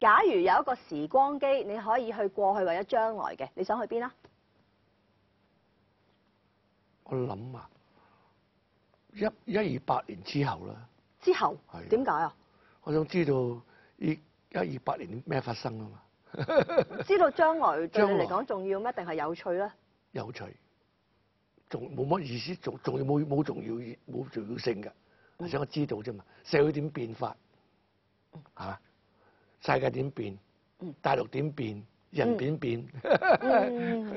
假如有一個時光機，你可以去過去或者將來嘅，你想去邊啊？我諗啊，一一二八年之後啦。之後。係。點解啊？我想知道一一,一二八年咩發生啊嘛。知道將來對你嚟講重要咩？定 係有趣咧？有趣，仲冇乜意思，仲仲冇冇重要冇重要性嘅，我想我知道啫嘛。社會點變法？係、啊世界點變，大陸點變，人點變。嗯 嗯